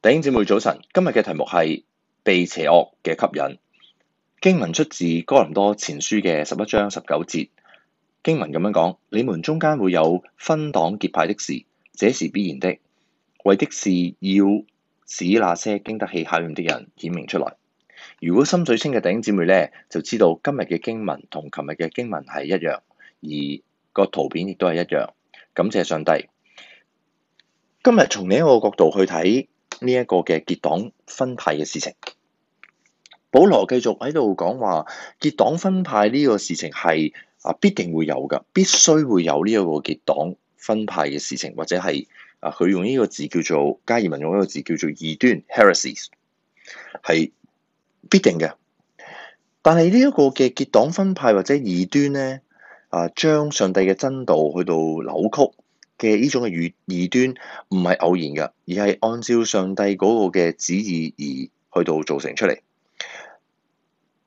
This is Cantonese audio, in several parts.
弟兄姊妹早晨，今日嘅題目係被邪惡嘅吸引。經文出自哥林多前書嘅十一章十九節。經文咁樣講：你們中間會有分黨結派的事，這是必然的，為的是要使那些經得起考驗的人顯明出來。如果心水清嘅弟兄姊妹呢，就知道今日嘅經文同琴日嘅經文係一樣，而個圖片亦都係一樣。感謝上帝。今日從另一個角度去睇。呢一個嘅結黨分派嘅事情，保羅繼續喺度講話，結黨分派呢個事情係啊必定會有㗎，必須會有呢一個結黨分派嘅事情，或者係啊佢用呢個字叫做，加爾文用呢個字叫做異端 heresies 係必定嘅。但係呢一個嘅結黨分派或者異端咧，啊將上帝嘅真道去到扭曲。嘅呢種嘅異端唔係偶然㗎，而係按照上帝嗰個嘅旨意而去到造成出嚟。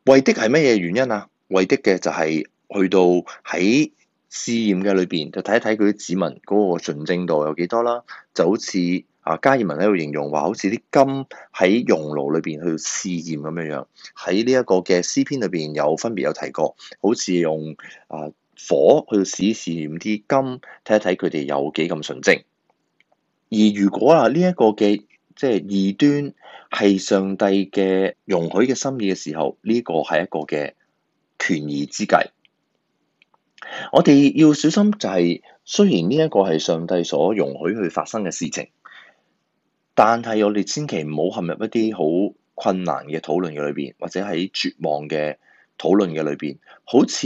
為的係乜嘢原因啊？為的嘅就係去到喺試驗嘅裏邊，就睇一睇佢啲指紋嗰個純正度有幾多啦。就好似啊加爾文喺度形容話，好似啲金喺熔爐裏邊去試驗咁樣樣。喺呢一個嘅詩篇裏邊有分別有提過，好似用啊，呃火去試試驗啲金，睇一睇佢哋有幾咁純正。而如果啊呢一個嘅即係異端係上帝嘅容許嘅心意嘅時候，呢個係一個嘅權宜之計。我哋要小心就係、是、雖然呢一個係上帝所容許去發生嘅事情，但係我哋千祈唔好陷入一啲好困難嘅討論嘅裏邊，或者喺絕望嘅討論嘅裏邊，好似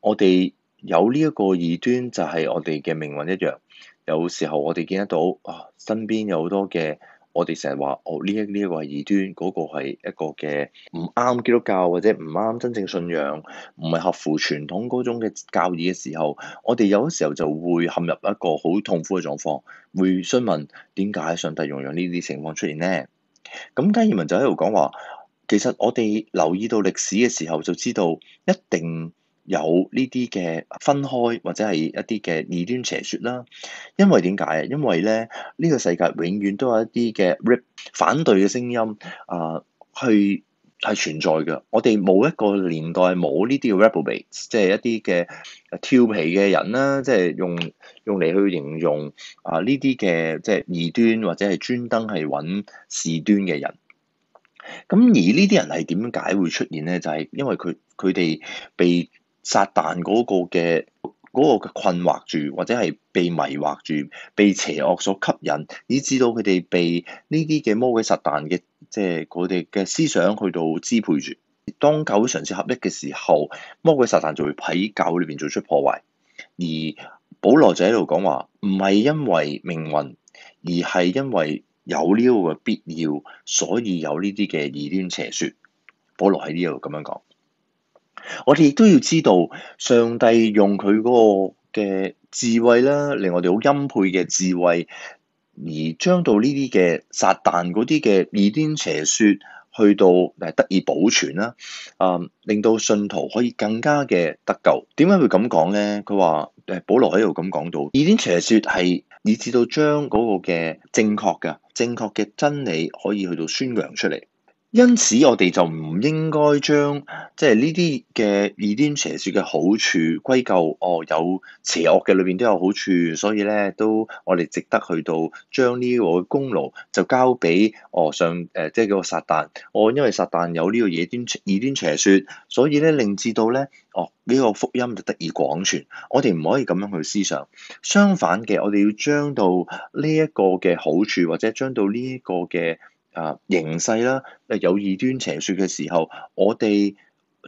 我哋。有呢一個異端，就係我哋嘅命運一樣。有時候我哋見得到啊，身邊有好多嘅，我哋成日話哦，呢一呢一個係、這個、異端，嗰、那個係一個嘅唔啱基督教或者唔啱真正信仰，唔係合乎傳統嗰種嘅教義嘅時候，我哋有時候就會陷入一個好痛苦嘅狀況，會詢問點解上帝容讓呢啲情況出現呢？咁加爾文就喺度講話，其實我哋留意到歷史嘅時候就知道，一定。有呢啲嘅分開或者係一啲嘅異端邪說啦，因為點解啊？因為咧呢個世界永遠都有一啲嘅反對嘅聲音啊、呃，去係存在嘅。我哋冇一個年代冇呢啲嘅 rebate，即係一啲嘅調皮嘅人啦，即係用用嚟去形容啊呢啲嘅即係異端或者係專登係揾事端嘅人。咁而呢啲人係點解會出現咧？就係、是、因為佢佢哋被撒旦嗰個嘅嗰個困惑住，或者係被迷惑住，被邪惡所吸引，以至到佢哋被呢啲嘅魔鬼撒旦嘅，即係佢哋嘅思想去到支配住。當教會嘗試合一嘅時候，魔鬼撒旦就會喺教會裏邊做出破壞。而保羅就喺度講話，唔係因為命運，而係因為有呢個嘅必要，所以有呢啲嘅異端邪說。保羅喺呢度咁樣講。我哋亦都要知道，上帝用佢嗰個嘅智慧啦，令我哋好欽佩嘅智慧，而將到呢啲嘅撒旦嗰啲嘅異端邪說，去到誒得以保存啦，啊、嗯，令到信徒可以更加嘅得救。點解會咁講咧？佢話誒保羅喺度咁講到，異端邪說係以至到將嗰個嘅正確嘅正確嘅真理可以去到宣揚出嚟。因此，我哋就唔應該將即係呢啲嘅異端邪說嘅好處歸咎哦，有邪惡嘅裏邊都有好處，所以咧都我哋值得去到將呢個功勞就交俾哦上誒、呃，即係嗰個撒旦。我、哦、因為撒旦有呢個嘢，端異端邪說，所以咧令至到咧哦呢、呢個福音就得以廣傳。我哋唔可以咁樣去思想。相反嘅，我哋要將到呢一個嘅好處，或者將到呢一個嘅。啊，形勢啦，誒有異端邪說嘅時候，我哋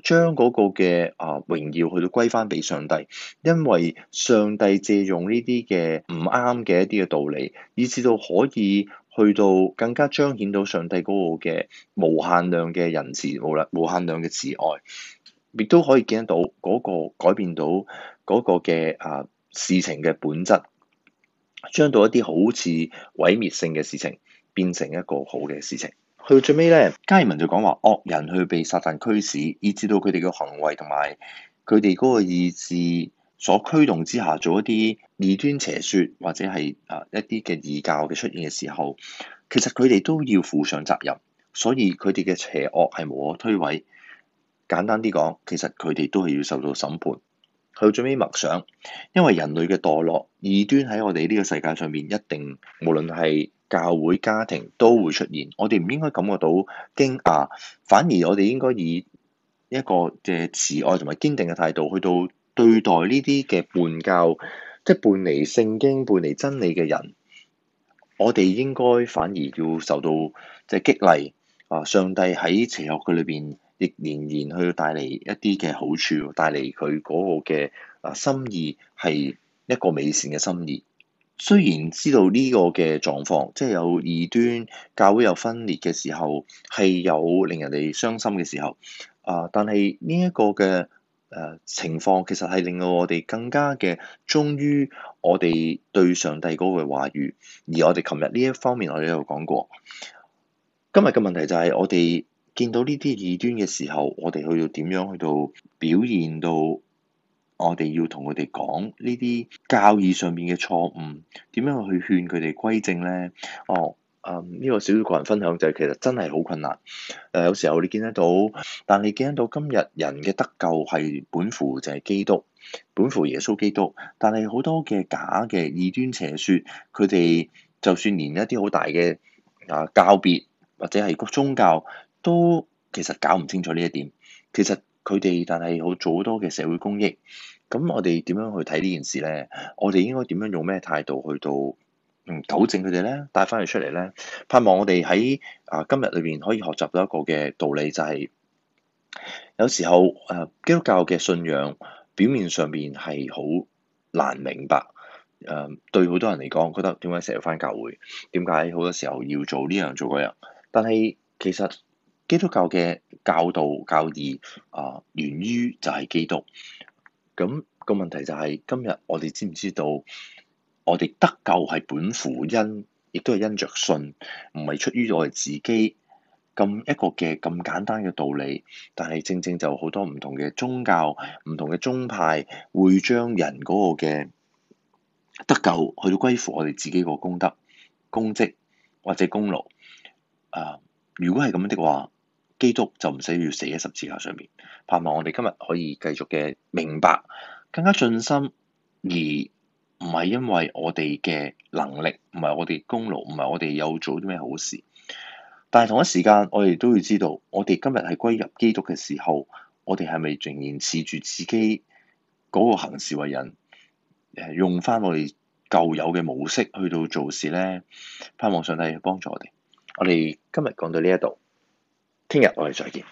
將嗰個嘅啊榮耀去到歸翻俾上帝，因為上帝借用呢啲嘅唔啱嘅一啲嘅道理，以至到可以去到更加彰顯到上帝嗰個嘅無限量嘅仁慈，無量無限量嘅慈愛，亦都可以見得到嗰、嗰個改變到嗰個嘅啊事情嘅本質，將到一啲好似毀滅性嘅事情。變成一個好嘅事情。去到最尾咧，加爾文就講話惡人去被撒但驅使，以致到佢哋嘅行為同埋佢哋嗰個意志所驅動之下，做一啲異端邪説或者係啊一啲嘅異教嘅出現嘅時候，其實佢哋都要負上責任。所以佢哋嘅邪惡係無可推諉。簡單啲講，其實佢哋都係要受到審判。去到最尾默想，因為人類嘅墮落，異端喺我哋呢個世界上面一定無論係，教會家庭都會出現，我哋唔應該感覺到驚訝，反而我哋應該以一個嘅慈愛同埋堅定嘅態度去到對待呢啲嘅叛教，即係叛離聖經、叛離真理嘅人，我哋應該反而要受到即係激勵。啊，上帝喺邪惡佢裏邊，亦仍然去帶嚟一啲嘅好處，帶嚟佢嗰個嘅啊心意係一個美善嘅心意。雖然知道呢個嘅狀況，即係有異端教會有分裂嘅時候，係有令人哋傷心嘅時候。啊！但係呢一個嘅誒情況，其實係令到我哋更加嘅忠於我哋對上帝嗰個話語。而我哋琴日呢一方面，我哋有講過。今日嘅問題就係我哋見到呢啲異端嘅時候，我哋去到點樣去到表現到？我哋要同佢哋講呢啲教義上面嘅錯誤，點樣去勸佢哋歸正呢？哦，誒、嗯、呢、這個小小個人分享就係其實真係好困難。誒、呃、有時候你見得到，但你見得到今日人嘅得救係本乎就係基督，本乎耶穌基督。但係好多嘅假嘅異端邪說，佢哋就算連一啲好大嘅啊教別或者係個宗教，都其實搞唔清楚呢一點。其實。佢哋但係好做好多嘅社會公益，咁我哋點樣去睇呢件事呢？我哋應該點樣用咩態度去到嗯糾正佢哋呢？帶翻佢出嚟呢，盼望我哋喺啊今日裏面可以學習到一個嘅道理、就係，就係有時候誒、啊、基督教嘅信仰表面上面係好難明白，誒、啊、對好多人嚟講，覺得點解成日翻教會？點解好多時候要做呢樣做嗰樣？但係其實。基督教嘅教導教義啊、呃，源於就係基督。咁、嗯、個問題就係、是、今日我哋知唔知道，我哋得救係本乎恩，亦都係因着信，唔係出於我哋自己。咁一個嘅咁簡單嘅道理，但係正正就好多唔同嘅宗教、唔同嘅宗派會將人嗰個嘅得救去到歸乎我哋自己個功德、功績或者功勞。啊、呃，如果係咁樣的話，基督就唔使要死喺十字架上面，盼望我哋今日可以繼續嘅明白，更加盡心，而唔係因為我哋嘅能力，唔係我哋功勞，唔係我哋有做啲咩好事。但係同一時間，我哋都要知道，我哋今日係歸入基督嘅時候，我哋係咪仍然持住自己嗰個行事為人？誒，用翻我哋舊有嘅模式去到做事咧，盼望上帝幫助我哋。我哋今日講到呢一度。聽日我哋再見。